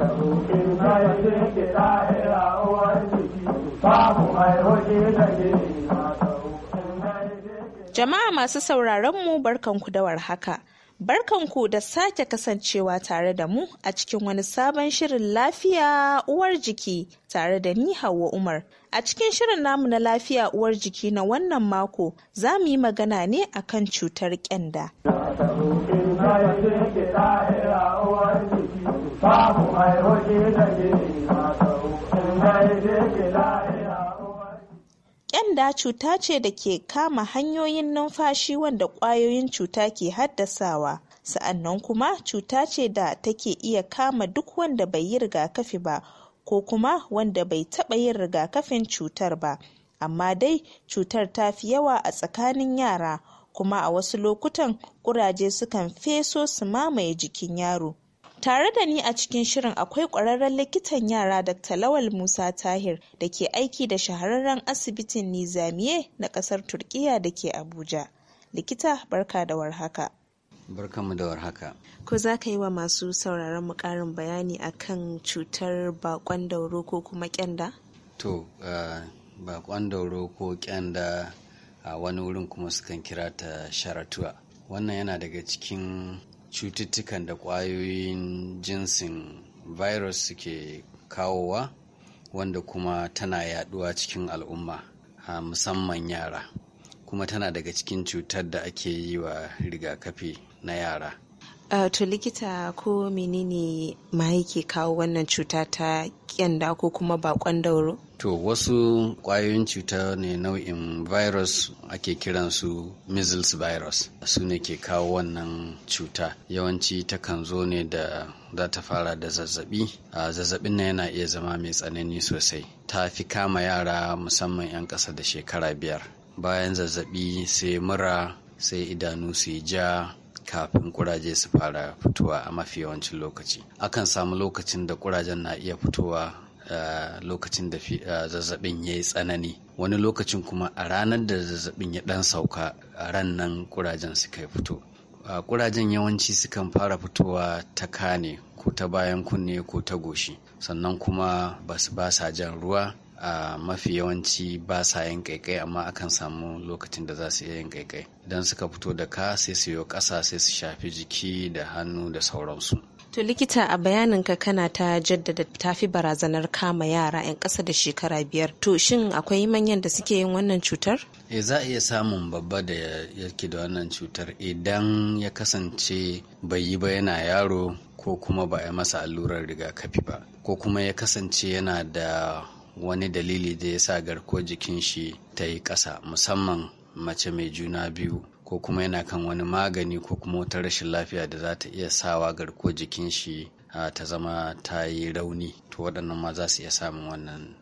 Jama'a masu sauraron mu barkanku da warhaka. Barkanku da sake kasancewa tare da mu a cikin wani sabon shirin lafiya uwar jiki tare da ni Hauwa Umar. A cikin shirin namu na lafiya uwar jiki na wannan mako za mu yi magana ne akan cutar kyanda. Kyanda Ƙyanda cuta ce da ke kama hanyoyin numfashi wanda ƙwayoyin cuta ke haddasawa. Sa'annan kuma cuta ce da take iya kama duk wanda bai yi rigakafi ba ko kuma wanda bai taɓa yin rigakafin cutar ba. Amma dai cutar ta fi yawa a tsakanin yara kuma a wasu lokutan ƙuraje sukan feso su mamaye jikin yaro. Tare da ni a cikin shirin akwai ƙwararren likitan yara Dr. Lawal Musa Tahir da ke aiki da shahararren asibitin Nizamiye na ƙasar turkiyya da ke Abuja. Likita barka da warhaka. Barkanmu da warhaka. Ko za ka yi wa masu sauraron mu ƙarin bayani akan cutar bakon dauro ko kuma kyanda? To, uh, dauro ko kyanda a uh, wani wurin kuma sukan kira ta sharatuwa. Wannan yana daga cikin cututtukan da ƙwayoyin jinsin virus suke kawowa wanda kuma tana yaduwa cikin al'umma a musamman yara kuma tana daga cikin cutar da ake yi wa rigakafi na yara Uh, to likita ko menene ma yake kawo wannan cuta ta kyanda ko kuma bakon dauro? To wasu ƙwayoyin cuta ne nau'in virus ake kiransu measles virus su ne ke kawo wannan cuta yawanci takan zo ne da za ta fara da zazzabi a ah, zazzabin na yana iya zama mai tsanani sosai ta fi kama yara musamman 'yan ƙasa da shekara biyar bayan zazzabi sai mura sai idanu su ja kafin kuraje su fara fitowa a mafi yawancin lokaci akan samu lokacin da kurajen na iya fitowa lokacin da zazzabin ya yi tsanani wani lokacin kuma a ranar da zazzabin ya ɗan sauka a ran nan kurajen suka fito kurajen yawanci sukan fara fitowa ta kane ko ta bayan kunne ko ta goshi sannan kuma ba su ba sa jan ruwa a mafi yawanci ba sa yin kaikai amma akan samu lokacin da za su iya yin kaikai idan suka fito da ka sai su yi ƙasa sai su shafi jiki da hannu da sauransu To likita a bayaninka kana ta jaddada tafi barazanar kama yara 'yan ƙasa da shekara biyar. To shin akwai manyan da suke yin wannan cutar? E za a iya samun babba da yake da wannan cutar idan ya kasance bai yi ba yana yaro ko kuma ba a masa allurar rigakafi ba ko kuma ya kasance yana da wani dalili da ya sa garko jikin shi ta yi ƙasa musamman mace mai juna biyu ko kuma yana kan wani magani ko kuma wata rashin lafiya da za ta iya sawa garko jikin shi ta zama ta yi rauni to waɗannan ma za su iya samun wannan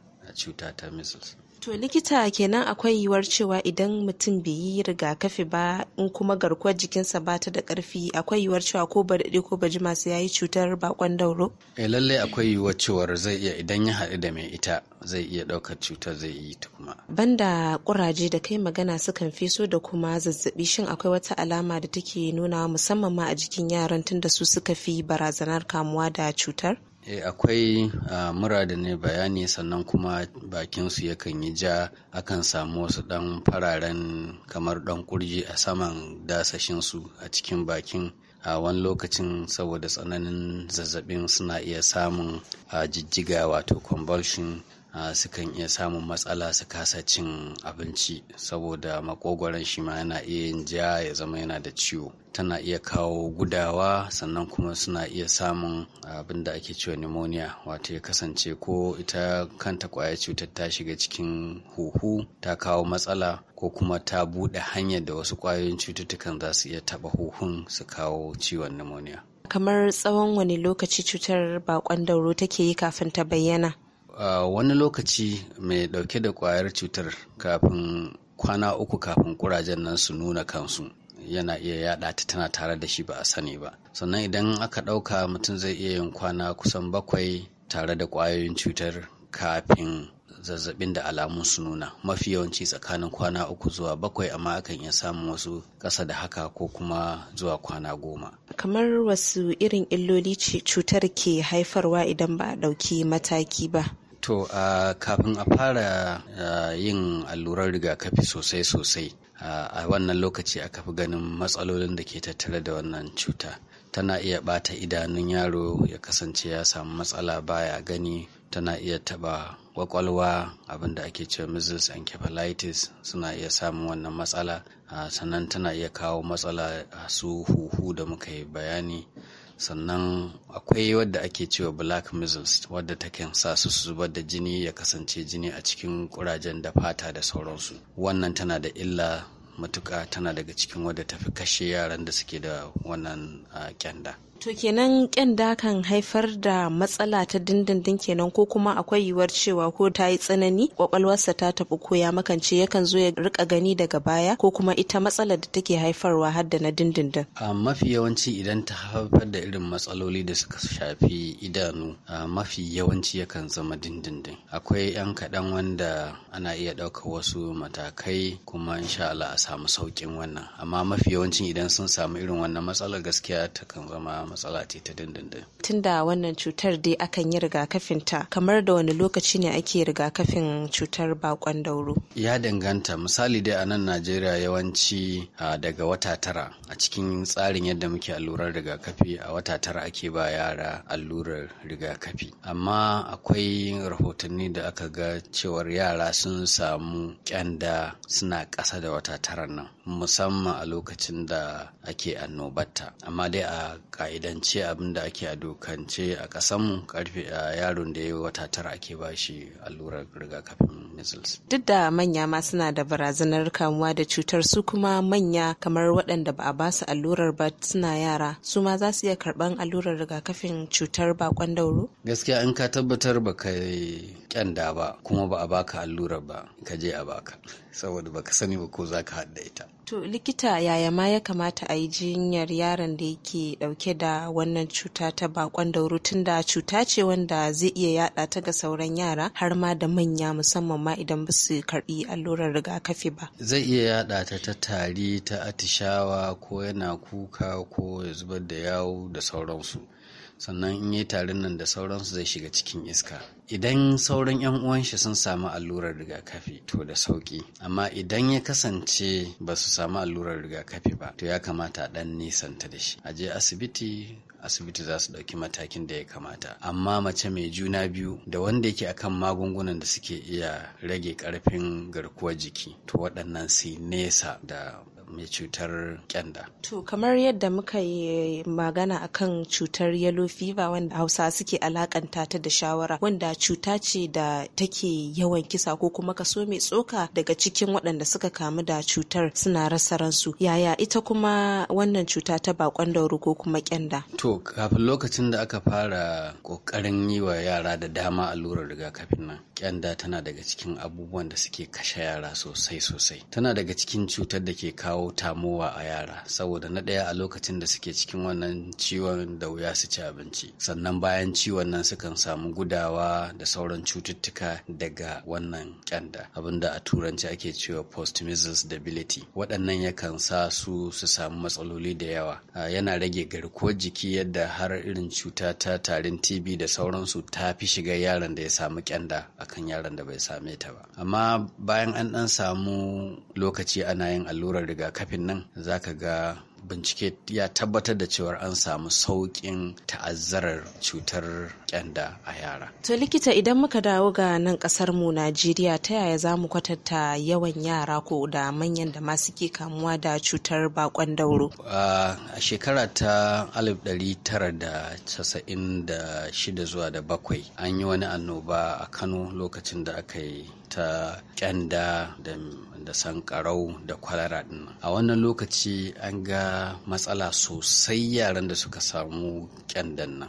cuta ta measles To likita kenan akwai yiwuwar cewa idan mutum bai yi rigakafi ba in kuma garkuwar jikinsa ba ta da ƙarfi akwai yiwuwar cewa ko ba daɗe ko ba jima masu ya cutar bakon dauro? Eh lallai akwai yiwuwar cewar zai iya idan ya haɗu da mai ita zai iya ɗaukar cutar zai yi ta kuma. Banda ƙuraje da kai magana sukan feso da kuma zazzaɓi shin akwai wata alama da take nuna musamman ma a jikin yaran tunda su suka fi barazanar kamuwa da cutar? E akwai mura da ne bayani sannan kuma bakinsu yakan yi ja akan samu wasu dan fararen kamar dan ƙurji a saman dasashinsu a cikin bakin a wani lokacin saboda tsananin zazzabin suna iya samun a jijjiga wato convulsion sukan iya samun matsala su kasa cin abinci saboda makogwaron shi ma yana iya yin ja ya zama yana da ciwo tana iya kawo gudawa sannan kuma suna iya samun abin da ake cewa pneumonia wato ya kasance ko ita kanta kwaya cutar ta shiga cikin huhu ta kawo matsala ko kuma ta buɗe hanyar da wasu kwayoyin cututtukan za su iya taɓa huhun su kawo ciwon pneumonia kamar tsawon wani lokaci cutar bakon dauro take yi kafin ta bayyana Ah, wani lokaci mai dauke da kwayar cutar kafin kwana uku kafin kurajen nan su nuna kansu yana iya yada ta tana tare da shi ba a sani ba sannan idan aka dauka mutum zai iya yin kwana kusan bakwai tare da kwayoyin cutar kafin zazzabin da alamun su nuna mafi yawanci tsakanin kwana uku zuwa bakwai amma akan iya samun wasu ƙasa da haka ko kuma zuwa kwana goma kamar wasu irin illoli cutar ke haifarwa idan ba a ɗauki mataki ba To uh, kafin a fara uh, yin allurar rigakafi sosai-sosai uh, a wannan lokaci aka fi ganin matsalolin da ke tattare da wannan cuta. Tana iya bata idanun yaro ya kasance ya samu matsala baya gani tana iya taba kwakwalwa abin da ake cewa measles encephalitis suna iya samun wannan matsala sannan tana iya kawo matsala a su huhu da muka yi bayani sannan akwai wadda ake cewa black measles wadda ta takan sa su su zubar da jini ya kasance jini a cikin kurajen da fata da sauransu wannan tana da illa matuka tana daga cikin wadda tafi kashe yaran da suke da wannan kyanda ah, To kenan kyanda kan haifar da matsala ta dindindin kenan ko kuma akwai yiwuwar cewa ko ta yi tsanani kwakwalwarsa ta tafi ko ya makance yakan zo ya rika gani daga baya ko kuma ita matsalar da take haifarwa har da na dindindin. A mafi yawanci idan ta haifar da irin matsaloli da suka shafi idanu a mafi yawanci yakan zama dindindin. Akwai 'yan kaɗan wanda ana iya ɗauka wasu matakai kuma insha Allah a samu sauƙin wannan amma mafi yawancin idan sun samu irin wannan matsalar gaskiya ta kan zama matsala ce ta dindindin. Tunda wannan cutar dai akan yi rigakafin ta kamar da wani lokaci ne ake rigakafin cutar bakon dauro. Ya danganta misali dai a nan Najeriya yawanci daga wata tara a cikin tsarin yadda muke allurar rigakafi a wata tara ake ba yara allurar rigakafi. Amma akwai rahotanni da aka ga cewar yara sun samu kyanda suna ƙasa da wata taran nan. musamman a lokacin da ake annobata, amma dai a ka'idance abin da ake a dokance a ƙasanmu karfe a yaron da ya yi wata tara ake ba shi allurar rigakafin measles duk da manya ma suna da barazanar kamuwa da cutar su kuma manya kamar waɗanda ba a ba su allurar ba suna yara su ma za su iya karɓan allurar rigakafin cutar bakon dauro gaskiya in ka tabbatar ba ka kyanda ba kuma ba a baka allurar ba ka je a baka saboda baka sani ba ko za ka haɗa ita To likita yaya ma ya kamata a yi jinyar yaron da yake dauke da wannan cuta ta bakon dauro tun da cuta ce wanda zai iya yada ta ga sauran yara har ma da manya musamman ma idan ba su karbi allurar rigakafi ba. Zai iya yada ta ta tari ta atishawa ko yana kuka ko ya zubar da yawo da sauransu. sannan in yi tarin nan da sauransu zai shiga cikin iska idan sauran 'yan uwan shi sun samu allurar rigakafi to da sauki amma idan ya kasance ba su samu allurar rigakafi ba to ya kamata a dan nisanta da shi a je asibiti asibiti za su ɗauki matakin da ya kamata amma mace mai juna biyu da wanda yake akan magungunan da suke iya rage ƙarfin garkuwar jiki to waɗannan su nesa da mai cutar kyanda. To kamar yadda muka yi magana akan cutar yellow fever wanda Hausa suke alakanta ta da shawara wanda cuta ce da take yawan kisa ko kuma kaso mai tsoka daga cikin waɗanda suka kamu da cutar suna rasa ransu. Yaya ita kuma wannan cuta ta bakon dauro ko kuma kyanda? To kafin lokacin da aka fara ƙoƙarin yi wa yara da dama allurar rigakafin nan kyanda tana daga cikin abubuwan da suke kashe yara sosai sosai. Tana daga cikin cutar da ke kawo kawo tamuwa a yara saboda na ɗaya a lokacin da suke cikin wannan ciwon da wuya su ci abinci sannan bayan ciwon nan sukan samu gudawa da sauran cututtuka daga wannan kyanda abinda a turanci ake cewa post measles debility waɗannan yakan sa su su samu matsaloli da yawa yana rage garkuwar jiki yadda har irin cuta ta tarin tb da sauransu ta fi shiga yaron da ya samu kyanda akan yaron da bai same ta ba amma bayan an ɗan samu lokaci ana yin allurar riga rigakafin nan za ka ga bincike ya tabbatar da cewar an samu sauƙin ta'azzarar cutar kyanda a yara. To likita idan muka dawo ga nan ƙasar mu Najeriya ta yaya za mu kwatanta yawan yara ko da manyan da ma suke kamuwa da cutar bakon dauro? A shekara ta 1996 zuwa da bakwai an yi wani annoba a Kano lokacin da aka yi ta kyanda da sankarau da kwalara din a wannan lokaci an ga matsala sosai yaran da suka samu kyandan nan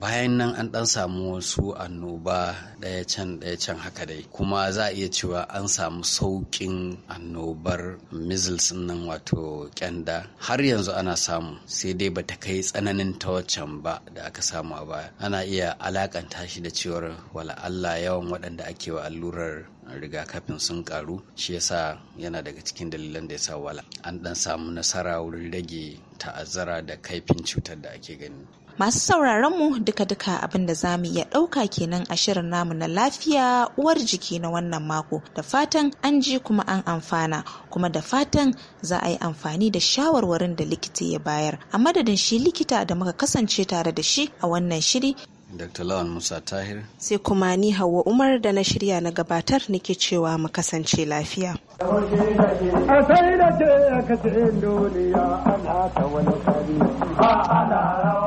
bayan nan an ɗan samu wasu annoba ɗaya can ɗaya can haka dai kuma za a iya cewa an samu sauƙin annobar measles nan wato kyanda har yanzu ana samu sai dai ba ta kai tsananin ta waccan ba da aka samu a baya ana iya alakanta shi da cewar wala Allah yawan waɗanda ake wa allurar rigakafin sun karu shi yasa yana daga cikin dalilan da ya yasa wala an dan samu nasara wurin rage ta'azzara da kaifin cutar da ake gani Masu sauraron mu duka-duka abin da za mu iya ɗauka kenan a shirin namu na lafiya uwar jiki na wannan mako da fatan an ji kuma an amfana kuma da fatan za a yi amfani da shawarwarin da likita ya bayar. A madadin shi likita da muka kasance tare da shi a wannan shiri Dr. Lawan Musa Tahir. Sai kuma ni Hauwa Umar da na shirya na gabatar nake cewa mu kasance lafiya. A ana ta wani